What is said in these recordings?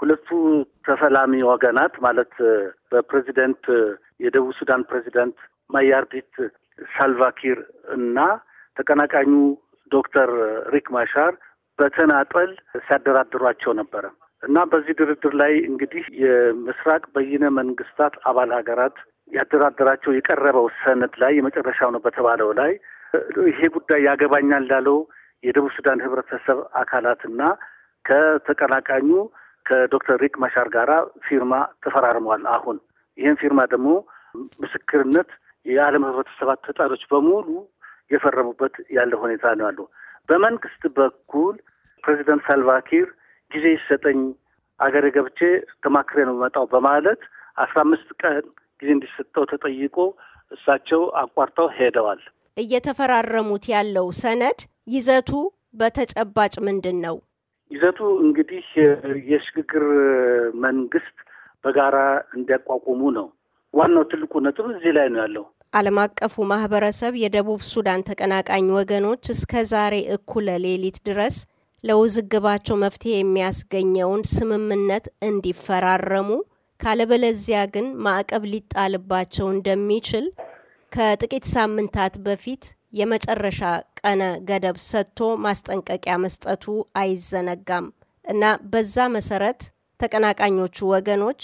ሁለቱ ተፈላሚ ወገናት ማለት በፕሬዚደንት የደቡብ ሱዳን ፕሬዚደንት ማያርዲት ሳልቫኪር እና ተቀናቃኙ ዶክተር ሪክ ማሻር በተናጠል ሲያደራድሯቸው ነበረ እና በዚህ ድርድር ላይ እንግዲህ የምስራቅ በይነ መንግስታት አባል ሀገራት ያደራደራቸው የቀረበው ሰነድ ላይ የመጨረሻው ነው በተባለው ላይ ይሄ ጉዳይ ያገባኛል ላለው የደቡብ ሱዳን ህብረተሰብ አካላትና ከተቀናቃኙ ከዶክተር ሪክ ማሻር ጋራ ፊርማ ተፈራርሟል። አሁን ይህን ፊርማ ደግሞ ምስክርነት የዓለም ህብረተሰባት ተጣሪዎች በሙሉ የፈረሙበት ያለ ሁኔታ ነው ያለው። በመንግስት በኩል ፕሬዚደንት ሳልቫኪር ጊዜ ይሰጠኝ አገሬ ገብቼ ተማክሬ ነው መጣው በማለት አስራ አምስት ቀን ጊዜ እንዲሰጠው ተጠይቆ እሳቸው አቋርጠው ሄደዋል። እየተፈራረሙት ያለው ሰነድ ይዘቱ በተጨባጭ ምንድን ነው? ይዘቱ እንግዲህ የሽግግር መንግስት በጋራ እንዲያቋቁሙ ነው። ዋናው ትልቁ ነጥብ እዚህ ላይ ነው ያለው። ዓለም አቀፉ ማህበረሰብ የደቡብ ሱዳን ተቀናቃኝ ወገኖች እስከ ዛሬ እኩለ ሌሊት ድረስ ለውዝግባቸው መፍትሄ የሚያስገኘውን ስምምነት እንዲፈራረሙ ካለበለዚያ ግን ማዕቀብ ሊጣልባቸው እንደሚችል ከጥቂት ሳምንታት በፊት የመጨረሻ ቀነ ገደብ ሰጥቶ ማስጠንቀቂያ መስጠቱ አይዘነጋም እና በዛ መሰረት ተቀናቃኞቹ ወገኖች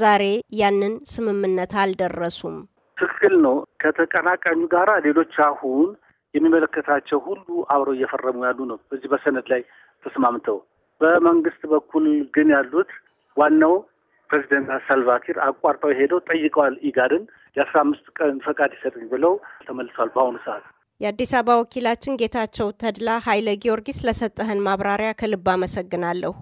ዛሬ ያንን ስምምነት አልደረሱም። ትክክል ነው። ከተቀናቃኙ ጋር ሌሎች አሁን የሚመለከታቸው ሁሉ አብረው እየፈረሙ ያሉ ነው። በዚህ በሰነድ ላይ ተስማምተው በመንግስት በኩል ግን ያሉት ዋናው ፕሬዚደንት ሳልቫኪር አቋርጠው ሄደው ጠይቀዋል። ኢጋድን የአስራ አምስት ቀን ፈቃድ ይሰጥኝ ብለው ተመልሷል። በአሁኑ ሰዓት የአዲስ አበባ ወኪላችን ጌታቸው ተድላ ኃይለ ጊዮርጊስ፣ ለሰጠህን ማብራሪያ ከልብ አመሰግናለሁ።